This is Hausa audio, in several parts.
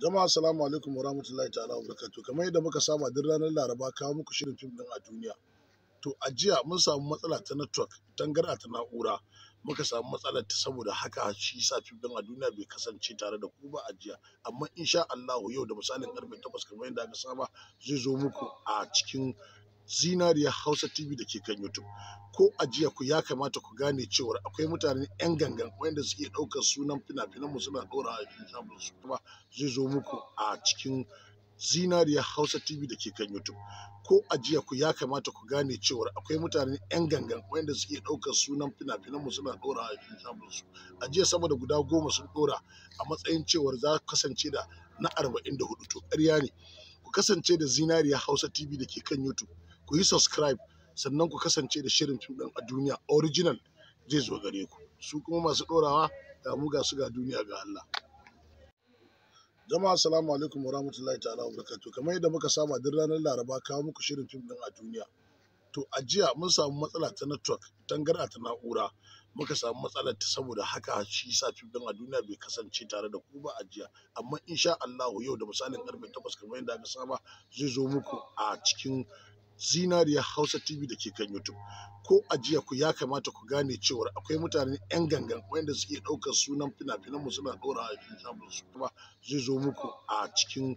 Jama'a assalamu alaikum wa rahmatullahi ta'ala wa barakatuh. Kamar yadda muka saba duk ranar Laraba kawo muku shirin fim din a duniya. To a jiya mun samu matsala ta network tangarda ta na'ura muka samu matsalar ta saboda haka shi sa fim din a duniya bai kasance tare da ku ba a jiya. Amma insha Allah yau da misalin karfe 8 kamar yadda aka saba zai zo muku a cikin zinariya hausa tv da ke kan youtube ko ajiya ku ya kamata ku gane cewar akwai mutane yan gangan wanda suke daukar sunan fina-finan mu suna ɗora a cikin shafin su kuma zai zo muku a cikin zinariya hausa tv da ke kan youtube ko ajiya ku ya kamata ku gane cewar akwai mutane yan gangan wanda suke daukar sunan fina-finan mu suna ɗora a cikin shafin su ajiya sama da guda goma sun ɗora a matsayin cewar za kasance da na arba'in da hudu to ƙarya ne ku kasance da zinariya hausa tv da ke kan youtube ku yi subscribe sannan ku kasance da shirin fim ɗin a duniya original zai zo gare ku su kuma masu ɗorawa da mu ga su ga duniya ga Allah jama'a assalamu alaikum wa rahmatullahi ta'ala wa barakatuh kamar yadda muka saba duk ranar laraba kawo muku shirin fim ɗin a duniya to a jiya mun samu matsala ta network tangarɗa ta na'ura muka samu matsalar ta saboda haka shi sa fim a duniya bai kasance tare da ku ba a jiya amma insha Allah yau da misalin karfe takwas kamar yadda aka saba zai zo muku a cikin zinariya hausa tv da ke kan youtube ko ajiya ku ya kamata ku gane cewar akwai mutane 'yan gangan wanda suke ɗaukar sunan fina-finan mu suna ɗora a cikin shafin su kuma zai zo muku a cikin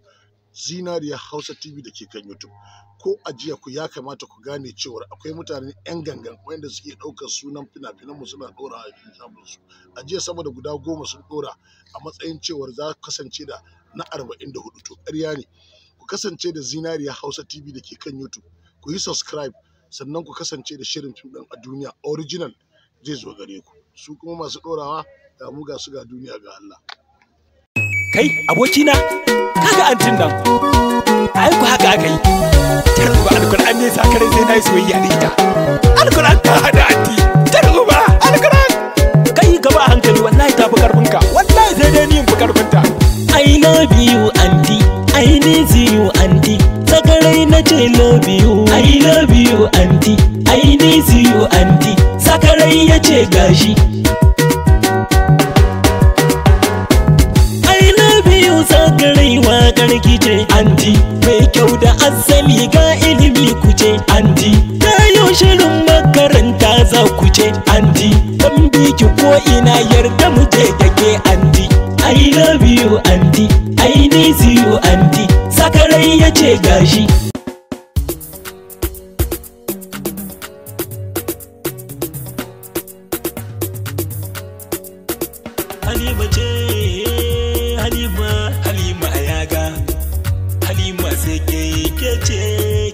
zinariya hausa tv da ke kan youtube ko ajiya ku ya kamata ku gane cewar akwai mutane 'yan gangan wanda suke ɗaukar sunan fina-finan mu suna ɗora a cikin shafin su ajiya sama da guda goma sun ɗora a matsayin cewar za kasance da na arba'in da hudu to ƙarya ne ku kasance da zinariya hausa tv da ke kan youtube ku yi subscribe sannan ku kasance da shirin fim ɗin a duniya original zai zo gare ku su kuma masu ɗorawa ga mu ga su ga duniya ga Allah kai abokina kaga antin nan ai ku haka aka yi jarruba alkur'an ne sakarai sai na yi soyayya da ita alkur'an ta hada anti jarruba alkur'an kai gaba a hankali wallahi ta fi ka wallahi sai dai ni in fi ta. i love you anti i need you anti ce love you I love you auntie I need you auntie Sakarai ya ce gashi I love you Sakarai waƙar ki ce auntie mai kyau da asali ga ilimi ku ce auntie ta yau shirin makaranta za ku ce auntie dan biki ko ina yarda mu je kake auntie I love you auntie I need you auntie Sakarai ya ce gashi halima ce halima halima a yaga halima sai ke ke ce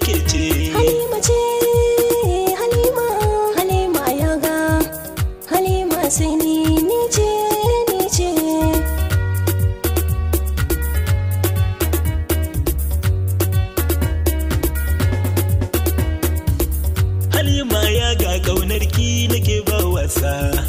ke ce halima ce halima halima a yaga halima sai ni ni ce ni ce halima ya ga kaunar ki nake ba wasa